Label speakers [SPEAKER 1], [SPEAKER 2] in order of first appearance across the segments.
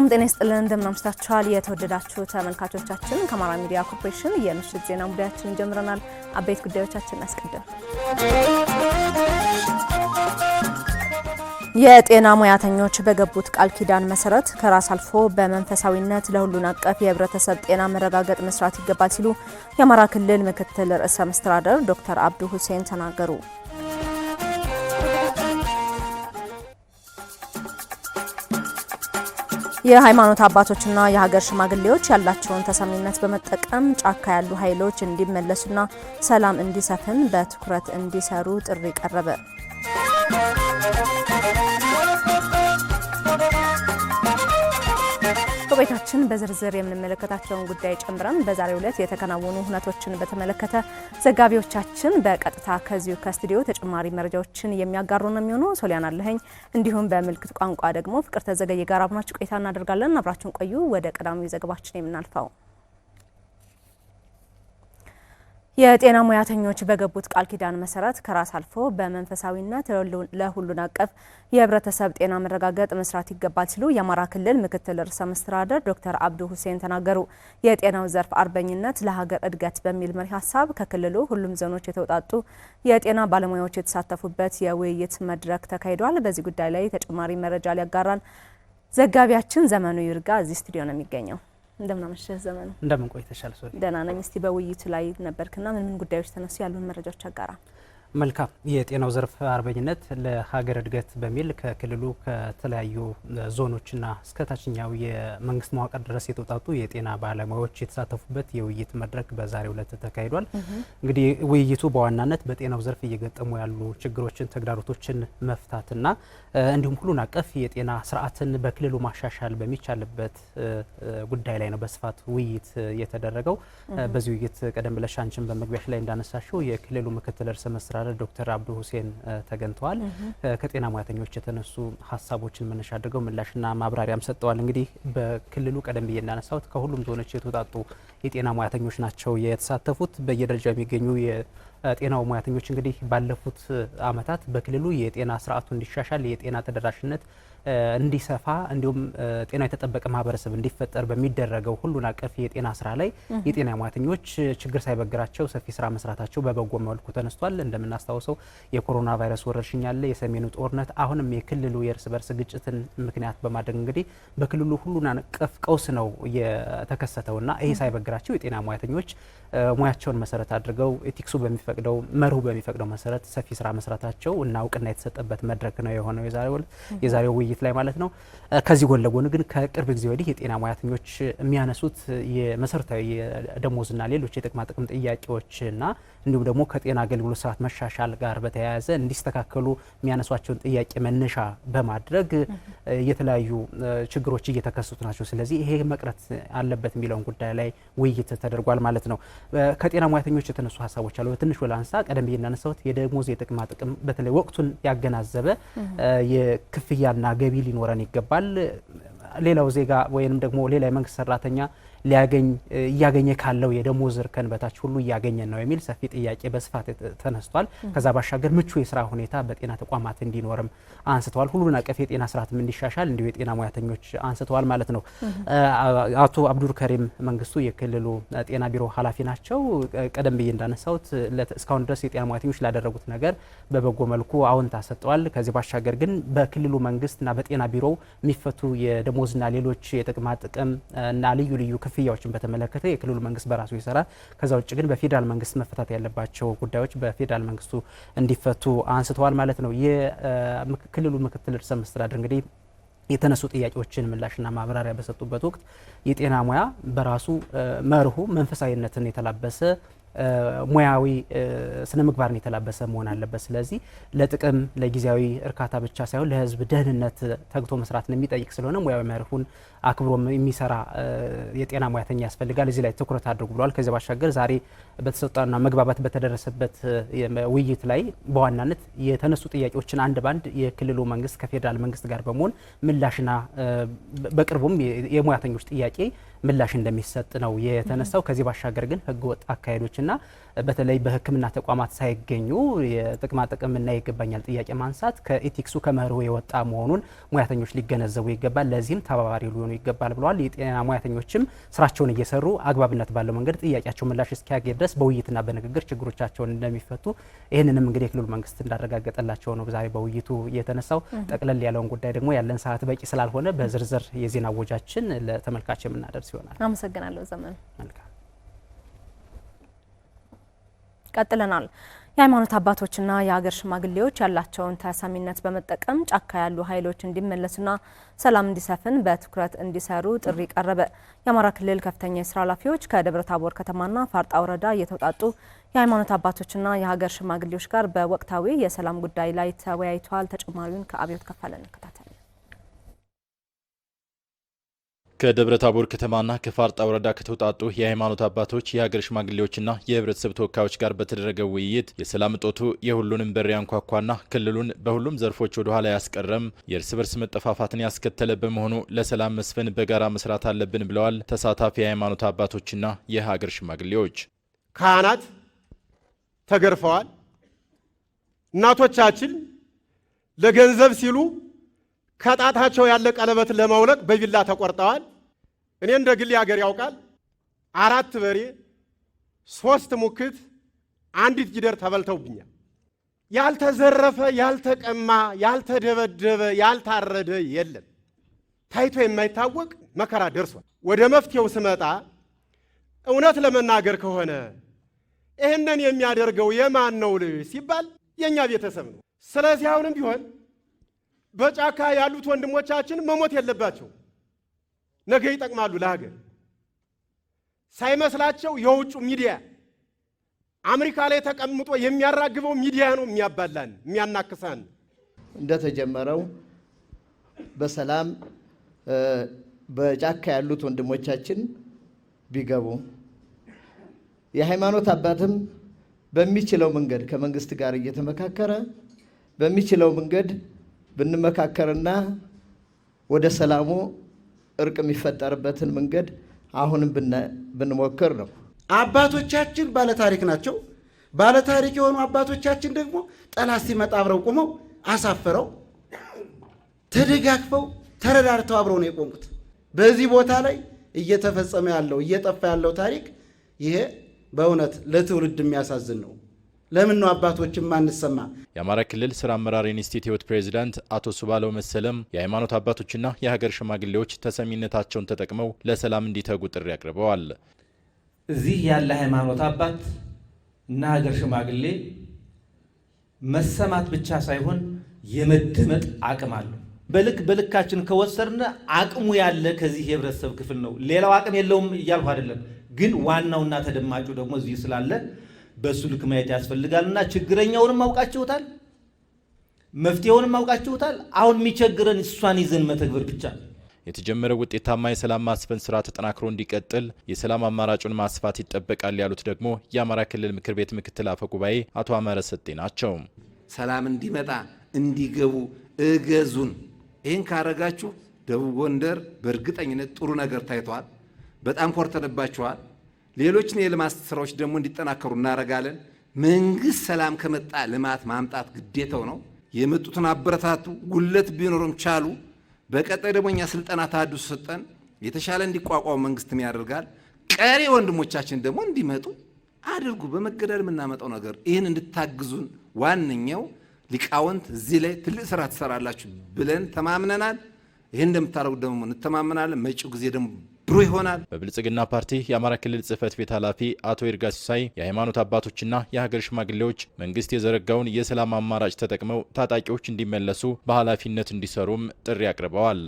[SPEAKER 1] ሰላም ጤና ይስጥልን እንደምን አምሽታችኋል የተወደዳችሁ ተመልካቾቻችን ከአማራ ሚዲያ ኮርፖሬሽን የምሽት ዜና ሙዳያችን ጀምረናል አበይት ጉዳዮቻችን አስቀድም የጤና ሙያተኞች በገቡት ቃል ኪዳን መሰረት ከራስ አልፎ በመንፈሳዊነት ለሁሉን አቀፍ የህብረተሰብ ጤና መረጋገጥ መስራት ይገባል ሲሉ የአማራ ክልል ምክትል ርዕሰ መስተዳደር ዶክተር አብዱ ሁሴን ተናገሩ የሃይማኖት አባቶችና የሀገር ሽማግሌዎች ያላቸውን ተሰሚነት በመጠቀም ጫካ ያሉ ኃይሎች እንዲመለሱና ሰላም እንዲሰፍን በትኩረት እንዲሰሩ ጥሪ ቀረበ። በቆይታችን በዝርዝር የምንመለከታቸውን ጉዳይ ጨምረን በዛሬው ዕለት የተከናወኑ ሁነቶችን በተመለከተ ዘጋቢዎቻችን በቀጥታ ከዚሁ ከስቱዲዮ ተጨማሪ መረጃዎችን የሚያጋሩ ነው የሚሆኑ ሶሊያን አለኸኝ እንዲሁም በምልክት ቋንቋ ደግሞ ፍቅር ተዘገየ ጋር አብናችሁ ቆይታ እናደርጋለን። አብራችሁን ቆዩ። ወደ ቀዳሚው ዘገባችን የምናልፈው የጤና ሙያተኞች በገቡት ቃል ኪዳን መሰረት ከራስ አልፎ በመንፈሳዊነት ለሁሉን አቀፍ የህብረተሰብ ጤና መረጋገጥ መስራት ይገባል ሲሉ የአማራ ክልል ምክትል ርዕሰ መስተዳደር ዶክተር አብዱ ሁሴን ተናገሩ። የጤናው ዘርፍ አርበኝነት ለሀገር እድገት በሚል መሪ ሀሳብ ከክልሉ ሁሉም ዞኖች የተውጣጡ የጤና ባለሙያዎች የተሳተፉበት የውይይት መድረክ ተካሂዷል። በዚህ ጉዳይ ላይ ተጨማሪ መረጃ ሊያጋራን ዘጋቢያችን ዘመኑ ይርጋ እዚህ ስቱዲዮ ነው የሚገኘው። እንደምን አመሸህ ዘመኑ። እንደምን ቆይተሻል ሶፊ? ደህና ነኝ። እስቲ በውይይቱ ላይ ነበርክና ምን ምን ጉዳዮች ተነሱ? ያሉን መረጃዎች አጋራ
[SPEAKER 2] መልካም የጤናው ዘርፍ አርበኝነት ለሀገር እድገት በሚል ከክልሉ ከተለያዩ ዞኖችና እስከ ታችኛው የመንግስት መዋቅር ድረስ የተውጣጡ የጤና ባለሙያዎች የተሳተፉበት የውይይት መድረክ በዛሬው ዕለት ተካሂዷል። እንግዲህ ውይይቱ በዋናነት በጤናው ዘርፍ እየገጠሙ ያሉ ችግሮችን፣ ተግዳሮቶችን መፍታትና እንዲሁም ሁሉን አቀፍ የጤና ስርዓትን በክልሉ ማሻሻል በሚቻልበት ጉዳይ ላይ ነው በስፋት ውይይት የተደረገው። በዚህ ውይይት ቀደም ብለሽ አንቺን በመግቢያሽ ላይ እንዳነሳሽው የክልሉ ምክትል ርዕሰ መስራ አስተዳደር ዶክተር አብዱ ሁሴን ተገኝተዋል። ከጤና ሙያተኞች የተነሱ ሀሳቦችን መነሻ አድርገው ምላሽና ማብራሪያም ሰጥተዋል። እንግዲህ በክልሉ ቀደም ብዬ እንዳነሳሁት ከሁሉም ዞኖች የተውጣጡ የጤና ሙያተኞች ናቸው የተሳተፉት። በየደረጃው የሚገኙ የጤናው ሙያተኞች እንግዲህ ባለፉት አመታት በክልሉ የጤና ስርዓቱ እንዲሻሻል የጤና ተደራሽነት እንዲሰፋ እንዲሁም ጤና የተጠበቀ ማህበረሰብ እንዲፈጠር በሚደረገው ሁሉን አቀፍ የጤና ስራ ላይ የጤና ሙያተኞች ችግር ሳይበግራቸው ሰፊ ስራ መስራታቸው በበጎ መልኩ ተነስቷል። እንደምናስታውሰው የኮሮና ቫይረስ ወረርሽኝ አለ፣ የሰሜኑ ጦርነት፣ አሁንም የክልሉ የእርስ በርስ ግጭትን ምክንያት በማድረግ እንግዲህ በክልሉ ሁሉን አቀፍ ቀውስ ነው የተከሰተውና ይሄ ሳይበግራቸው የጤና ሟተኞች ሙያቸውን መሰረት አድርገው ኤቲክሱ በሚፈቅደው መርሁ በሚፈቅደው መሰረት ሰፊ ስራ መስራታቸው እና እውቅና የተሰጠበት መድረክ ነው የሆነው የዛሬው ውይይት ላይ ማለት ነው። ከዚህ ጎን ለጎን ግን ከቅርብ ጊዜ ወዲህ የጤና ሙያተኞች የሚያነሱት የመሰረታዊ ደሞዝና ሌሎች የጥቅማ ጥቅም ጥያቄዎችና እንዲሁም ደግሞ ከጤና አገልግሎት ስርዓት መሻሻል ጋር በተያያዘ እንዲስተካከሉ የሚያነሷቸውን ጥያቄ መነሻ በማድረግ የተለያዩ ችግሮች እየተከሰቱ ናቸው። ስለዚህ ይሄ መቅረት አለበት የሚለውን ጉዳይ ላይ ውይይት ተደርጓል ማለት ነው። ከጤና ሙያተኞች የተነሱ ሀሳቦች አሉ። በትንሹ ላንሳ። ቀደም ብዬ እንዳነሳሁት የደሞዝ የጥቅማ ጥቅም በተለይ ወቅቱን ያገናዘበ የክፍያና ገቢ ሊኖረን ይገባል። ሌላው ዜጋ ወይም ደግሞ ሌላ የመንግስት ሰራተኛ ሊያገኝ እያገኘ ካለው የደሞዝ እርከን በታች ሁሉ እያገኘ ነው የሚል ሰፊ ጥያቄ በስፋት ተነስቷል። ከዛ ባሻገር ምቹ የስራ ሁኔታ በጤና ተቋማት እንዲኖርም አንስተዋል። ሁሉን አቀፍ የጤና ስርዓትም እንዲሻሻል እንዲሁ የጤና ሙያተኞች አንስተዋል ማለት ነው። አቶ አብዱር ከሪም መንግስቱ የክልሉ ጤና ቢሮ ኃላፊ ናቸው። ቀደም ብዬ እንዳነሳሁት እስካሁን ድረስ የጤና ሙያተኞች ላደረጉት ነገር በበጎ መልኩ አዎንታ ሰጥተዋል። ከዚህ ባሻገር ግን በክልሉ መንግስትና በጤና ቢሮው የሚፈቱ የደሞ ደሞዝና ሌሎች የጥቅማ ጥቅም እና ልዩ ልዩ ክፍያዎችን በተመለከተ የክልሉ መንግስት በራሱ ይሰራል። ከዛ ውጭ ግን በፌዴራል መንግስት መፈታት ያለባቸው ጉዳዮች በፌዴራል መንግስቱ እንዲፈቱ አንስተዋል ማለት ነው። የክልሉ ምክትል ርዕሰ መስተዳድር እንግዲህ የተነሱ ጥያቄዎችን ምላሽና ማብራሪያ በሰጡበት ወቅት የጤና ሙያ በራሱ መርሁ መንፈሳዊነትን የተላበሰ ሙያዊ ስነ ምግባርን የተላበሰ መሆን አለበት። ስለዚህ ለጥቅም ለጊዜያዊ እርካታ ብቻ ሳይሆን ለሕዝብ ደህንነት ተግቶ መስራትን የሚጠይቅ ስለሆነ ሙያዊ መርሁን አክብሮ የሚሰራ የጤና ሙያተኛ ያስፈልጋል። እዚህ ላይ ትኩረት አድርጉ ብለዋል። ከዚ ባሻገር ዛሬ በተሰጠና መግባባት በተደረሰበት ውይይት ላይ በዋናነት የተነሱ ጥያቄዎችን አንድ ባንድ የክልሉ መንግስት ከፌዴራል መንግስት ጋር በመሆን ምላሽና በቅርቡም የሙያተኞች ጥያቄ ምላሽ እንደሚሰጥ ነው የተነሳው። ከዚህ ባሻገር ግን ህገወጥ አካሄዶችና በተለይ በሕክምና ተቋማት ሳይገኙ የጥቅማ ጥቅምና የይገባኛል ጥያቄ ማንሳት ከኢቲክሱ ከመርሁ የወጣ መሆኑን ሙያተኞች ሊገነዘቡ ይገባል። ለዚህም ተባባሪ ሊሆኑ ይገባል ብለዋል። የጤና ሙያተኞችም ስራቸውን እየሰሩ አግባብነት ባለው መንገድ ጥያቄያቸው ምላሽ እስኪያገኝ ድረስ በውይይትና በንግግር ችግሮቻቸውን እንደሚፈቱ ይህንንም እንግዲህ የክልሉ መንግስት እንዳረጋገጠላቸው ነው ዛሬ በውይይቱ የተነሳው። ጠቅለል ያለውን ጉዳይ ደግሞ ያለን ሰዓት በቂ ስላልሆነ በዝርዝር የዜና ወጃችን ለተመልካች የምናደርስ ይሆናል። አመሰግናለሁ ዘመን መልካም
[SPEAKER 1] ቀጥለናል። የሃይማኖት አባቶችና የሀገር ሽማግሌዎች ያላቸውን ተሰሚነት በመጠቀም ጫካ ያሉ ኃይሎች እንዲመለሱና ሰላም እንዲሰፍን በትኩረት እንዲሰሩ ጥሪ ቀረበ። የአማራ ክልል ከፍተኛ የስራ ኃላፊዎች ከደብረ ታቦር ከተማና ፋርጣ ወረዳ የተውጣጡ የሃይማኖት አባቶችና የሀገር ሽማግሌዎች ጋር በወቅታዊ የሰላም ጉዳይ ላይ ተወያይተዋል። ተጨማሪውን ከአብዮት ከፋለ እንከታተል።
[SPEAKER 3] ከደብረ ታቦር ከተማና ከፋርጣ ወረዳ ከተውጣጡ የሃይማኖት አባቶች የሀገር ሽማግሌዎችና የህብረተሰብ ተወካዮች ጋር በተደረገ ውይይት የሰላም እጦቱ የሁሉንም በር ያንኳኳና ክልሉን በሁሉም ዘርፎች ወደ ኋላ ያስቀረም የእርስ በርስ መጠፋፋትን ያስከተለ በመሆኑ ለሰላም መስፈን በጋራ መስራት አለብን ብለዋል ተሳታፊ የሃይማኖት አባቶችና የሀገር ሽማግሌዎች።
[SPEAKER 4] ካህናት ተገርፈዋል። እናቶቻችን ለገንዘብ ሲሉ ከጣታቸው ያለ ቀለበት ለማውለቅ በቢላ ተቆርጠዋል። እኔ እንደ ግሌ ሀገር ያውቃል። አራት በሬ፣ ሶስት ሙክት፣ አንዲት ጊደር ተበልተውብኛል። ያልተዘረፈ፣ ያልተቀማ፣ ያልተደበደበ፣ ያልታረደ የለም። ታይቶ የማይታወቅ መከራ ደርሷል። ወደ መፍትሄው ስመጣ እውነት ለመናገር ከሆነ ይህንን የሚያደርገው የማን ነው ልጅ ሲባል የእኛ ቤተሰብ ነው። ስለዚህ አሁንም ቢሆን በጫካ ያሉት ወንድሞቻችን መሞት የለባቸው። ነገ ይጠቅማሉ ለሀገር። ሳይመስላቸው የውጩ ሚዲያ አሜሪካ ላይ ተቀምጦ የሚያራግበው ሚዲያ ነው የሚያባላን የሚያናክሳን።
[SPEAKER 5] እንደተጀመረው በሰላም በጫካ ያሉት ወንድሞቻችን ቢገቡ የሃይማኖት አባትም በሚችለው መንገድ ከመንግስት ጋር እየተመካከረ በሚችለው መንገድ ብንመካከርና ወደ ሰላሙ እርቅ የሚፈጠርበትን መንገድ አሁንም ብንሞክር
[SPEAKER 4] ነው። አባቶቻችን ባለታሪክ ናቸው። ባለታሪክ የሆኑ አባቶቻችን ደግሞ ጠላት ሲመጣ አብረው ቁመው አሳፍረው ተደጋግፈው ተረዳድተው አብረው ነው የቆሙት። በዚህ ቦታ ላይ እየተፈጸመ ያለው እየጠፋ ያለው ታሪክ ይሄ በእውነት ለትውልድ የሚያሳዝን ነው። ለምን ነው አባቶችን ማንሰማ?
[SPEAKER 3] የአማራ ክልል ስራ አመራር ኢንስቲትዩት ፕሬዚዳንት አቶ ሱባለው መሰለም የሃይማኖት አባቶችና የሀገር ሽማግሌዎች ተሰሚነታቸውን ተጠቅመው ለሰላም እንዲተጉ ጥሪ አቅርበዋል።
[SPEAKER 5] እዚህ ያለ ሃይማኖት አባት እና ሀገር ሽማግሌ መሰማት ብቻ ሳይሆን የመደመጥ አቅም አለ። በልክ በልካችን ከወሰድን አቅሙ ያለ ከዚህ የህብረተሰብ ክፍል ነው። ሌላው አቅም የለውም እያልሁ አይደለም፣ ግን ዋናውና ተደማጩ ደግሞ እዚህ ስላለ በእሱ ልክ ማየት ያስፈልጋል እና ችግረኛውንም አውቃችሁታል፣ መፍትሄውንም አውቃችሁታል። አሁን የሚቸግረን እሷን ይዘን መተግበር
[SPEAKER 3] ብቻ ነው። የተጀመረው ውጤታማ የሰላም ማስፈን ስራ ተጠናክሮ እንዲቀጥል የሰላም አማራጩን ማስፋት ይጠበቃል ያሉት ደግሞ የአማራ ክልል ምክር ቤት ምክትል አፈ ጉባኤ አቶ አማረ ሰጤ
[SPEAKER 4] ናቸው። ሰላም እንዲመጣ እንዲገቡ እገዙን። ይህን ካረጋችሁ ደቡብ ጎንደር በእርግጠኝነት ጥሩ ነገር ታይተዋል። በጣም ኮርተንባችኋል። ሌሎችን የልማት ስራዎች ደግሞ እንዲጠናከሩ እናደርጋለን። መንግስት ሰላም ከመጣ ልማት ማምጣት ግዴታው ነው። የመጡትን አበረታቱ፣ ጉለት ቢኖርም ቻሉ። በቀጣይ ደግሞ እኛ ስልጠና ታዱ ሰጠን የተሻለ እንዲቋቋም መንግስትም ያደርጋል። ቀሪ ወንድሞቻችን ደግሞ እንዲመጡ አድርጉ። በመገደል የምናመጣው ነገር ይህን እንድታግዙን ዋነኛው ሊቃውንት እዚህ ላይ ትልቅ ስራ ትሰራላችሁ ብለን ተማምነናል። ይህን እንደምታደርጉ ደግሞ እንተማመናለን። መጪው ጊዜ ደግሞ
[SPEAKER 3] ብሩህ ይሆናል። በብልጽግና ፓርቲ የአማራ ክልል ጽህፈት ቤት ኃላፊ አቶ ይርጋ ሲሳይ የሃይማኖት አባቶችና የሀገር ሽማግሌዎች መንግስት የዘረጋውን የሰላም አማራጭ ተጠቅመው ታጣቂዎች እንዲመለሱ በኃላፊነት እንዲሰሩም ጥሪ
[SPEAKER 4] አቅርበዋል።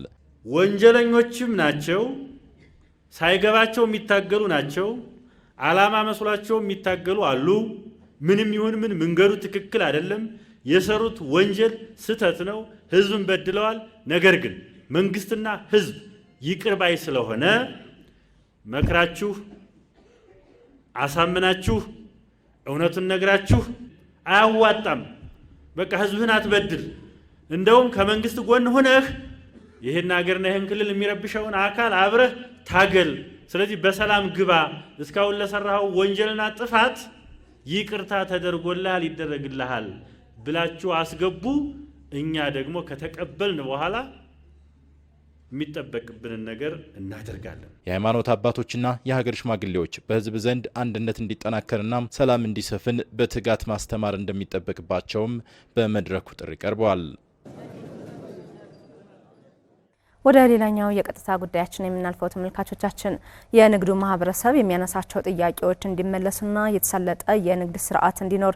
[SPEAKER 4] ወንጀለኞችም ናቸው፣ ሳይገባቸው የሚታገሉ ናቸው፣ አላማ መስሏቸው የሚታገሉ አሉ። ምንም ይሁን ምን መንገዱ ትክክል አይደለም። የሰሩት ወንጀል ስህተት ነው። ህዝብን በድለዋል። ነገር ግን መንግስትና ህዝብ ይቅር ባይ ስለሆነ መክራችሁ አሳምናችሁ እውነቱን ነግራችሁ አያዋጣም። በቃ ህዝብህን አትበድል። እንደውም ከመንግስት ጎን ሆነህ ይህን ሀገርና ይህን ክልል የሚረብሸውን አካል አብረህ ታገል። ስለዚህ በሰላም ግባ። እስካሁን ለሰራኸው ወንጀልና ጥፋት ይቅርታ ተደርጎልሃል፣ ይደረግልሃል ብላችሁ አስገቡ። እኛ ደግሞ ከተቀበልን በኋላ የሚጠበቅብንን ነገር
[SPEAKER 3] እናደርጋለን። የሃይማኖት አባቶችና የሀገር ሽማግሌዎች በህዝብ ዘንድ አንድነት እንዲጠናከርና ሰላም እንዲሰፍን በትጋት ማስተማር እንደሚጠበቅባቸውም በመድረኩ ጥሪ ቀርበዋል።
[SPEAKER 1] ወደ ሌላኛው የቀጥታ ጉዳያችን የምናልፈው ተመልካቾቻችን የንግዱ ማህበረሰብ የሚያነሳቸው ጥያቄዎች እንዲመለሱና የተሳለጠ የንግድ ስርዓት እንዲኖር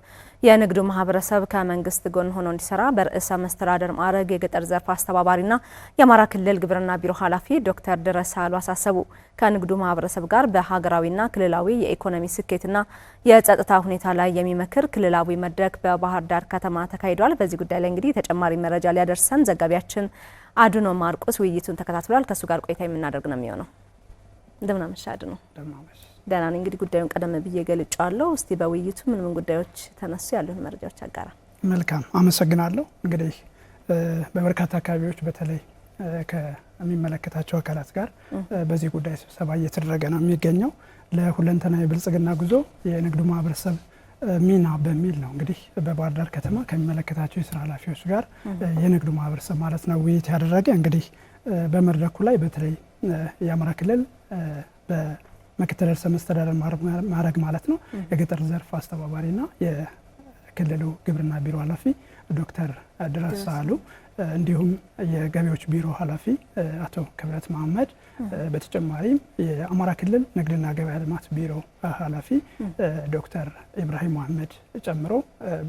[SPEAKER 1] የንግዱ ማህበረሰብ ከመንግስት ጎን ሆኖ እንዲሰራ በርዕሰ መስተዳደር ማዕረግ የገጠር ዘርፍ አስተባባሪና የአማራ ክልል ግብርና ቢሮ ኃላፊ ዶክተር ደረሳ አሉ አሳሰቡ። ከንግዱ ማህበረሰብ ጋር በሀገራዊና ክልላዊ የኢኮኖሚ ስኬትና የጸጥታ ሁኔታ ላይ የሚመክር ክልላዊ መድረክ በባህር ዳር ከተማ ተካሂዷል። በዚህ ጉዳይ ላይ እንግዲህ ተጨማሪ መረጃ ሊያደርሰን ዘጋቢያችን አድኖ ማርቆስ ውይይቱን ተከታትሏል። ከእሱ ጋር ቆይታ የምናደርግ ነው የሚሆነው። እንደምን አመሻ አድኖ። ደህና ነኝ። እንግዲህ ጉዳዩን ቀደም ብዬ ገልጫዋለሁ። እስቲ በውይይቱ ምን ምን ጉዳዮች ተነሱ ያሉን መረጃዎች አጋራ። መልካም አመሰግናለሁ። እንግዲህ በበርካታ አካባቢዎች በተለይ ከሚመለከታቸው አካላት ጋር በዚህ ጉዳይ ስብሰባ እየተደረገ ነው የሚገኘው። ለሁለንተና የብልጽግና ጉዞ የንግዱ ማህበረሰብ ሚና በሚል ነው እንግዲህ በባህር ዳር ከተማ ከሚመለከታቸው የስራ ኃላፊዎች ጋር የንግዱ ማህበረሰብ ማለት ነው ውይይት ያደረገ እንግዲህ በመድረኩ ላይ በተለይ የአማራ ክልል በምክትል ርዕሰ መስተዳደር ማድረግ ማለት ነው የገጠር ዘርፍ አስተባባሪና የክልሉ ግብርና ቢሮ ኃላፊ ዶክተር ድረስ አሉ እንዲሁም የገቢዎች ቢሮ ኃላፊ አቶ ክብረት መሀመድ በተጨማሪም የአማራ ክልል ንግድና ገበያ ልማት ቢሮ ኃላፊ ዶክተር ኢብራሂም መሀመድ ጨምሮ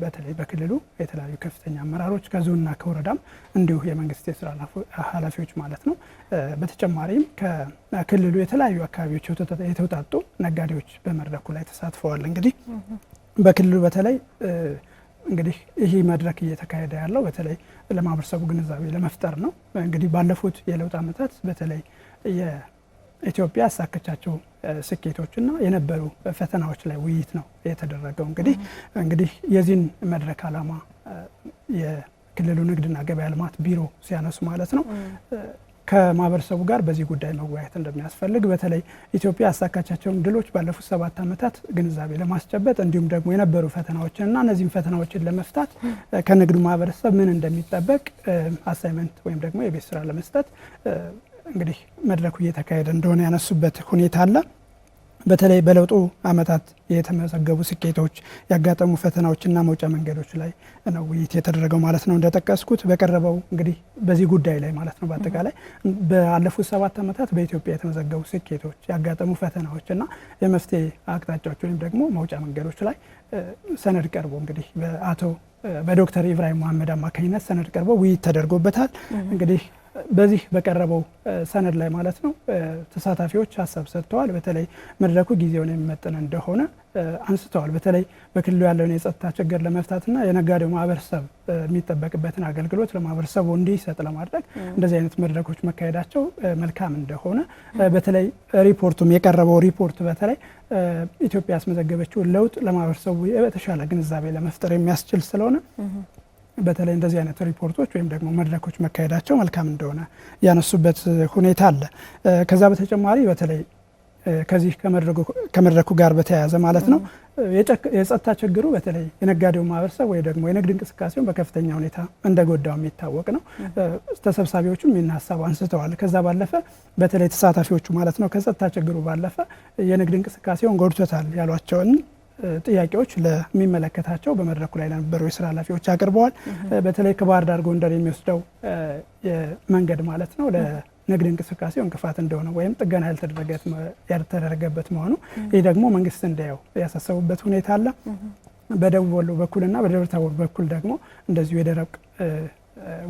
[SPEAKER 1] በተለይ በክልሉ የተለያዩ ከፍተኛ አመራሮች ከዞንና ከወረዳም እንዲሁ የመንግስት የስራ ኃላፊዎች ማለት ነው። በተጨማሪም ከክልሉ የተለያዩ አካባቢዎች የተውጣጡ ነጋዴዎች በመድረኩ ላይ ተሳትፈዋል። እንግዲህ በክልሉ በተለይ እንግዲህ ይህ መድረክ እየተካሄደ ያለው በተለይ ለማህበረሰቡ ግንዛቤ ለመፍጠር ነው። እንግዲህ ባለፉት የለውጥ ዓመታት በተለይ የኢትዮጵያ ያሳከቻቸው ስኬቶችና የነበሩ ፈተናዎች ላይ ውይይት ነው የተደረገው። እንግዲህ እንግዲህ የዚህን መድረክ ዓላማ የክልሉ ንግድና ገበያ ልማት ቢሮ ሲያነሱ ማለት ነው ከማህበረሰቡ ጋር በዚህ ጉዳይ መወያየት እንደሚያስፈልግ በተለይ ኢትዮጵያ ያሳካቻቸውን ድሎች ባለፉት ሰባት ዓመታት ግንዛቤ ለማስጨበጥ እንዲሁም ደግሞ የነበሩ ፈተናዎችን እና እነዚህም ፈተናዎችን ለመፍታት ከንግዱ ማህበረሰብ ምን እንደሚጠበቅ አሳይመንት ወይም ደግሞ የቤት ስራ ለመስጠት እንግዲህ መድረኩ እየተካሄደ እንደሆነ ያነሱበት ሁኔታ አለ። በተለይ በለውጡ ዓመታት የተመዘገቡ ስኬቶች፣ ያጋጠሙ ፈተናዎችና መውጫ መንገዶች ላይ ነው ውይይት የተደረገው ማለት ነው። እንደጠቀስኩት በቀረበው እንግዲህ በዚህ ጉዳይ ላይ ማለት ነው። በአጠቃላይ ባለፉት ሰባት ዓመታት በኢትዮጵያ የተመዘገቡ ስኬቶች፣ ያጋጠሙ ፈተናዎች እና የመፍትሄ አቅጣጫዎች ወይም ደግሞ መውጫ መንገዶች ላይ ሰነድ ቀርቦ እንግዲህ በአቶ በዶክተር ኢብራሂም መሀመድ አማካኝነት ሰነድ ቀርቦ ውይይት ተደርጎበታል። እንግዲህ በዚህ በቀረበው ሰነድ ላይ ማለት ነው ተሳታፊዎች ሀሳብ ሰጥተዋል። በተለይ መድረኩ ጊዜውን የሚመጥን እንደሆነ አንስተዋል። በተለይ በክልሉ ያለውን የጸጥታ ችግር ለመፍታትና የነጋዴው ማህበረሰብ የሚጠበቅበትን አገልግሎት ለማህበረሰቡ እንዲሰጥ ለማድረግ እንደዚህ አይነት መድረኮች መካሄዳቸው መልካም እንደሆነ በተለይ ሪፖርቱም የቀረበው ሪፖርት በተለይ ኢትዮጵያ ያስመዘገበችውን ለውጥ ለማህበረሰቡ የተሻለ ግንዛቤ ለመፍጠር የሚያስችል ስለሆነ በተለይ እንደዚህ አይነት ሪፖርቶች ወይም ደግሞ መድረኮች መካሄዳቸው መልካም እንደሆነ ያነሱበት ሁኔታ አለ። ከዛ በተጨማሪ በተለይ ከዚህ ከመድረኩ ጋር በተያያዘ ማለት ነው የጸጥታ ችግሩ በተለይ የነጋዴው ማህበረሰብ ወይ ደግሞ የንግድ እንቅስቃሴውን በከፍተኛ ሁኔታ እንደጎዳው የሚታወቅ ነው። ተሰብሳቢዎቹም ይህን ሀሳብ አንስተዋል። ከዛ ባለፈ በተለይ ተሳታፊዎቹ ማለት ነው ከጸጥታ ችግሩ ባለፈ የንግድ እንቅስቃሴውን ጎድቶታል ያሏቸውን ጥያቄዎች ለሚመለከታቸው በመድረኩ ላይ ለነበሩ የስራ ኃላፊዎች አቅርበዋል። በተለይ ከባህር ዳር ጎንደር የሚወስደው መንገድ ማለት ነው ለንግድ እንቅስቃሴው እንቅፋት እንደሆነ ወይም ጥገና ያልተደረገበት መሆኑ ይህ ደግሞ መንግስት እንዳየው ያሳሰቡበት ሁኔታ አለ። በደቡብ ወሎ በኩልና በደብረ ታቦር በኩል ደግሞ እንደዚሁ የደረቅ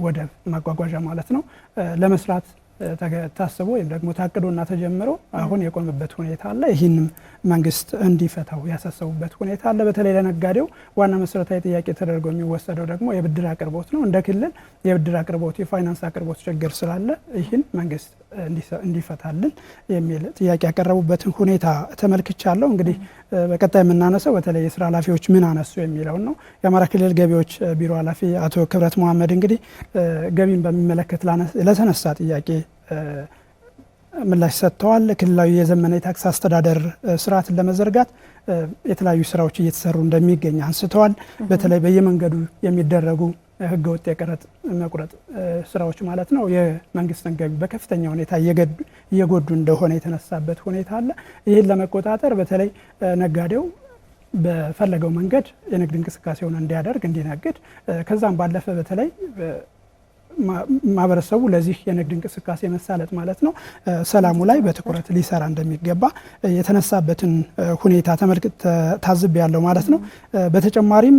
[SPEAKER 1] ወደብ ማጓጓዣ ማለት ነው ለመስራት ታስቦ ወይም ደግሞ ታቅዶና ተጀምሮ አሁን የቆመበት ሁኔታ አለ። ይህንም መንግስት እንዲፈታው ያሳሰቡበት ሁኔታ አለ። በተለይ ለነጋዴው ዋና መሰረታዊ ጥያቄ ተደርጎ የሚወሰደው ደግሞ የብድር አቅርቦት ነው። እንደ ክልል የብድር አቅርቦት የፋይናንስ አቅርቦት ችግር ስላለ ይህን መንግስት እንዲፈታልን የሚል ጥያቄ ያቀረቡበትን ሁኔታ ተመልክቻለሁ። እንግዲህ በቀጣይ የምናነሰው በተለይ የስራ ኃላፊዎች ምን አነሱ የሚለውን ነው። የአማራ ክልል ገቢዎች ቢሮ ኃላፊ አቶ ክብረት መሐመድ እንግዲህ ገቢን በሚመለከት ለተነሳ ጥያቄ ምላሽ ሰጥተዋል። ክልላዊ የዘመነ የታክስ አስተዳደር ስርዓትን ለመዘርጋት የተለያዩ ስራዎች እየተሰሩ እንደሚገኝ አንስተዋል። በተለይ በየመንገዱ የሚደረጉ ህገወጥ የቀረጥ መቁረጥ ስራዎች ማለት ነው የመንግስትን ገቢ በከፍተኛ ሁኔታ እየጎዱ እንደሆነ የተነሳበት ሁኔታ አለ። ይህን ለመቆጣጠር በተለይ ነጋዴው በፈለገው መንገድ የንግድ እንቅስቃሴውን እንዲያደርግ እንዲነግድ ከዛም ባለፈ በተለይ ማህበረሰቡ ለዚህ የንግድ እንቅስቃሴ መሳለጥ ማለት ነው ሰላሙ ላይ በትኩረት ሊሰራ እንደሚገባ የተነሳበትን ሁኔታ ታዝብ ያለው ማለት ነው። በተጨማሪም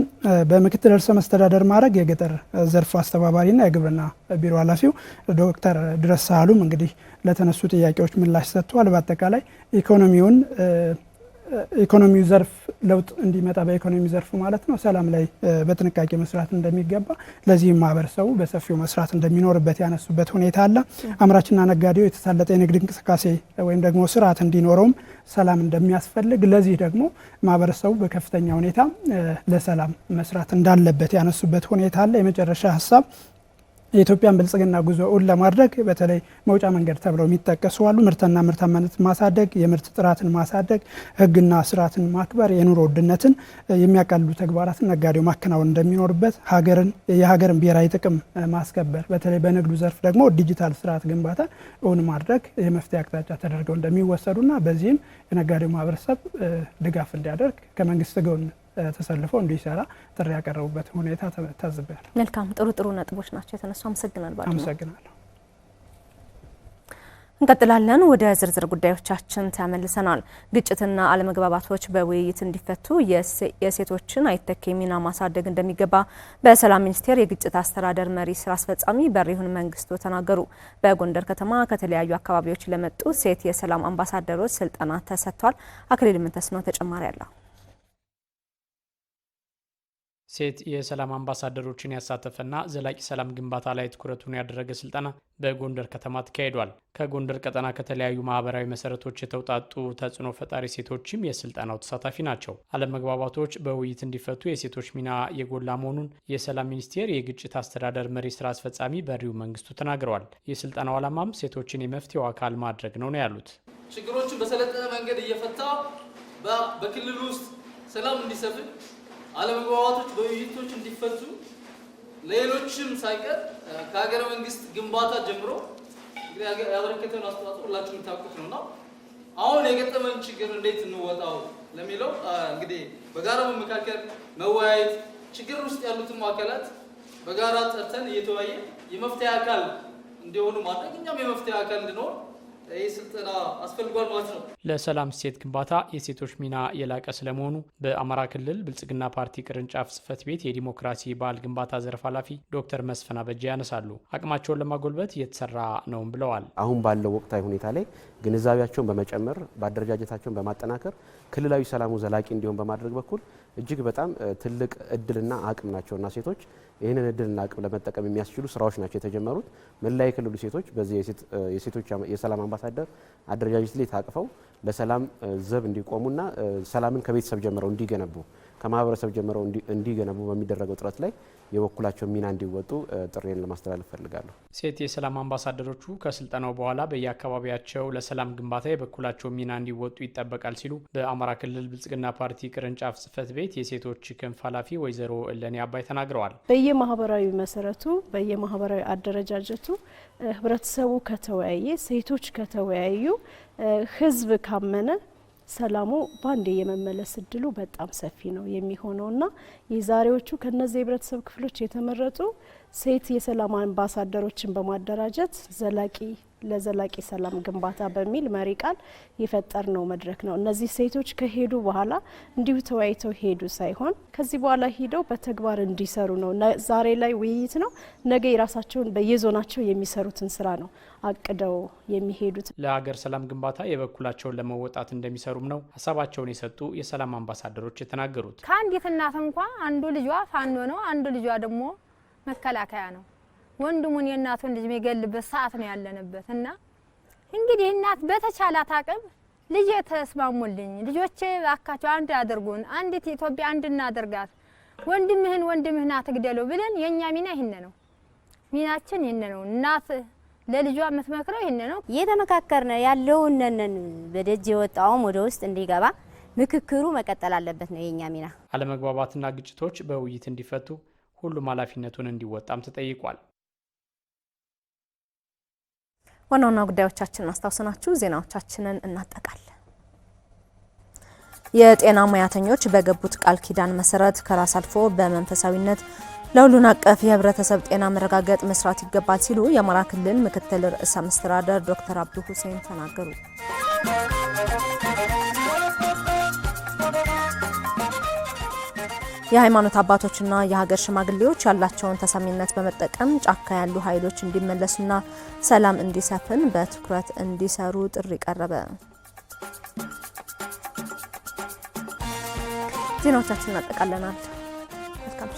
[SPEAKER 1] በምክትል ርዕሰ መስተዳደር ማድረግ የገጠር አስተባባሪ አስተባባሪና የግብርና ቢሮ ኃላፊው ዶክተር ድረስ ሳህሉም እንግዲህ ለተነሱ ጥያቄዎች ምላሽ ሰጥተዋል። በአጠቃላይ ኢኮኖሚውን ኢኮኖሚው ዘርፍ ለውጥ እንዲመጣ በኢኮኖሚ ዘርፍ ማለት ነው፣ ሰላም ላይ በጥንቃቄ መስራት እንደሚገባ ለዚህም ማህበረሰቡ በሰፊው መስራት እንደሚኖርበት ያነሱበት ሁኔታ አለ። አምራችና ነጋዴው የተሳለጠ የንግድ እንቅስቃሴ ወይም ደግሞ ስርዓት እንዲኖረውም ሰላም እንደሚያስፈልግ፣ ለዚህ ደግሞ ማህበረሰቡ በከፍተኛ ሁኔታ ለሰላም መስራት እንዳለበት ያነሱበት ሁኔታ አለ። የመጨረሻ ሀሳብ የኢትዮጵያን ብልጽግና ጉዞ እውን ለማድረግ በተለይ መውጫ መንገድ ተብለው የሚጠቀሱ አሉ። ምርትና ምርታማነት ማሳደግ፣ የምርት ጥራትን ማሳደግ፣ ሕግና ስርዓትን ማክበር፣ የኑሮ ውድነትን የሚያቃልሉ ተግባራትን ነጋዴው ማከናወን እንደሚኖርበት፣ ሀገርን የሀገርን ብሔራዊ ጥቅም ማስከበር፣ በተለይ በንግዱ ዘርፍ ደግሞ ዲጂታል ስርዓት ግንባታ እውን ማድረግ የመፍትሄ አቅጣጫ ተደርገው እንደሚወሰዱና በዚህም የነጋዴው ማህበረሰብ ድጋፍ እንዲያደርግ ከመንግስት ጎን ተሰልፎ እንዲሰራ ጥሪ ያቀረቡበት ሁኔታ ታዝበያል። መልካም ጥሩ ጥሩ ነጥቦች ናቸው የተነሱ። አመሰግናል። አመሰግናለሁ። እንቀጥላለን። ወደ ዝርዝር ጉዳዮቻችን ተመልሰናል። ግጭትና አለመግባባቶች በውይይት እንዲፈቱ የሴቶችን አይተኬ ሚና ማሳደግ እንደሚገባ በሰላም ሚኒስቴር የግጭት አስተዳደር መሪ ስራ አስፈጻሚ በሪሁን መንግስቱ ተናገሩ። በጎንደር ከተማ ከተለያዩ አካባቢዎች ለመጡ ሴት የሰላም አምባሳደሮች ስልጠና ተሰጥቷል። አክሊል ምንተስኖ ተጨማሪ አለው። ሴት የሰላም አምባሳደሮችን ያሳተፈና ዘላቂ ሰላም ግንባታ ላይ ትኩረቱን ያደረገ ስልጠና በጎንደር ከተማ ተካሂዷል። ከጎንደር ቀጠና ከተለያዩ ማህበራዊ መሰረቶች የተውጣጡ ተጽዕኖ ፈጣሪ ሴቶችም የስልጠናው ተሳታፊ ናቸው። አለመግባባቶች በውይይት እንዲፈቱ የሴቶች ሚና የጎላ መሆኑን የሰላም ሚኒስቴር የግጭት አስተዳደር መሪ ስራ አስፈጻሚ በሪው መንግስቱ ተናግረዋል። የስልጠናው ዓላማም ሴቶችን የመፍትሄው አካል ማድረግ ነው ነው ያሉት። ችግሮቹን በሰለጠነ መንገድ እየፈታ በክልሉ ውስጥ ሰላም እንዲሰፍን አለመግባባቶች በውይይቶች እንዲፈቱ ሌሎችም ሳይቀር ከሀገረ መንግስት ግንባታ ጀምሮ ያበረከተውን አስተዋጽኦ ሁላችሁ የምታውቁት ነውና አሁን የገጠመን ችግር እንዴት እንወጣው ለሚለው እንግዲህ በጋራ መመካከል፣ መወያየት ችግር ውስጥ ያሉትም አካላት በጋራ ጠርተን እየተወያየ የመፍትሄ አካል እንዲሆኑ ማድረግ እኛም የመፍትሄ አካል እንድንሆን ይህ ስልጠና አስፈልጓል ማለት ነው። ለሰላም ሴት ግንባታ የሴቶች ሚና የላቀ ስለመሆኑ በአማራ ክልል ብልጽግና ፓርቲ ቅርንጫፍ ጽህፈት ቤት የዲሞክራሲ ባህል ግንባታ ዘርፍ ኃላፊ ዶክተር መስፈና አበጃ ያነሳሉ። አቅማቸውን ለማጎልበት እየተሰራ ነውም ብለዋል። አሁን ባለው ወቅታዊ ሁኔታ ላይ ግንዛቤያቸውን በመጨመር በአደረጃጀታቸውን በማጠናከር ክልላዊ ሰላሙ ዘላቂ እንዲሆን በማድረግ በኩል እጅግ በጣም ትልቅ እድልና አቅም ናቸውና ሴቶች ይህንን እድልና አቅም ለመጠቀም የሚያስችሉ ስራዎች ናቸው የተጀመሩት። መላ የክልሉ ሴቶች በዚህ የሴቶች የሰላም አምባሳደር አደረጃጀት ላይ ታቅፈው ለሰላም ዘብ እንዲቆሙና ሰላምን ከቤተሰብ ጀምረው እንዲገነቡ ከማህበረሰብ ጀምረው እንዲገነቡ በሚደረገው ጥረት ላይ የበኩላቸውን ሚና እንዲወጡ ጥሬን ለማስተላለፍ ፈልጋለሁ። ሴት የሰላም አምባሳደሮቹ ከስልጠናው በኋላ በየአካባቢያቸው ለሰላም ግንባታ የበኩላቸው ሚና እንዲወጡ ይጠበቃል ሲሉ በአማራ ክልል ብልጽግና ፓርቲ ቅርንጫፍ ጽህፈት ቤት የሴቶች ክንፍ ኃላፊ ወይዘሮ እለኔ አባይ ተናግረዋል። በየማህበራዊ መሰረቱ በየማህበራዊ አደረጃጀቱ ህብረተሰቡ ከተወያየ፣ ሴቶች ከተወያዩ፣ ህዝብ ካመነ ሰላሙ በአንዴ የመመለስ እድሉ በጣም ሰፊ ነው የሚሆነውና የዛሬዎቹ ከነዚህ የህብረተሰብ ክፍሎች የተመረጡ ሴት የሰላም አምባሳደሮችን በማደራጀት ዘላቂ ለዘላቂ ሰላም ግንባታ በሚል መሪ ቃል የፈጠር ነው መድረክ ነው። እነዚህ ሴቶች ከሄዱ በኋላ እንዲሁ ተወያይተው ሄዱ ሳይሆን ከዚህ በኋላ ሂደው በተግባር እንዲሰሩ ነው። ዛሬ ላይ ውይይት ነው፣ ነገ የራሳቸውን በየዞናቸው የሚሰሩትን ስራ ነው አቅደው የሚሄዱት። ለሀገር ሰላም ግንባታ የበኩላቸውን ለመወጣት እንደሚሰሩም ነው ሀሳባቸውን የሰጡ የሰላም አምባሳደሮች የተናገሩት። ከአንዲት እናት እንኳ አንዱ ልጇ ፋኖ ነው፣ አንዱ ልጇ ደግሞ መከላከያ ነው። ወንድሙን የእናቱን ልጅ የሚገልበት ሰዓት ነው ያለንበት እና እንግዲህ እናት በተቻላት አቅም ልጅ ተስማሙልኝ፣ ልጆቼ እባካቸው አንድ አድርጉን፣ አንዲት ኢትዮጵያ አንድ እናደርጋት፣ ወንድምህን ወንድምህን አትግደለው ብለን የእኛ ሚና ይህን ነው። ሚናችን ይህን ነው። እናት ለልጇ የምትመክረው ይህን ነው። እየተመካከርን ያለው እነነን በደጅ የወጣውም ወደ ውስጥ እንዲገባ ምክክሩ መቀጠል አለበት ነው የእኛ ሚና። አለመግባባትና ግጭቶች በውይይት እንዲፈቱ ሁሉም ኃላፊነቱን እንዲወጣም ተጠይቋል። ዋና ዋና ጉዳዮቻችንን አስታውሰናችሁ ዜናዎቻችንን እናጠቃል። የጤና ሙያተኞች በገቡት ቃል ኪዳን መሰረት ከራስ አልፎ በመንፈሳዊነት ለሁሉን አቀፍ የህብረተሰብ ጤና መረጋገጥ መስራት ይገባል ሲሉ የአማራ ክልል ምክትል ርዕሰ መስተዳደር ዶክተር አብዱ ሁሴን ተናገሩ። የሃይማኖት አባቶችና የሀገር ሽማግሌዎች ያላቸውን ተሰሚነት በመጠቀም ጫካ ያሉ ኃይሎች እንዲመለሱና ሰላም እንዲሰፍን በትኩረት እንዲሰሩ ጥሪ ቀረበ። ዜናዎቻችን እናጠቃለናል። መልካም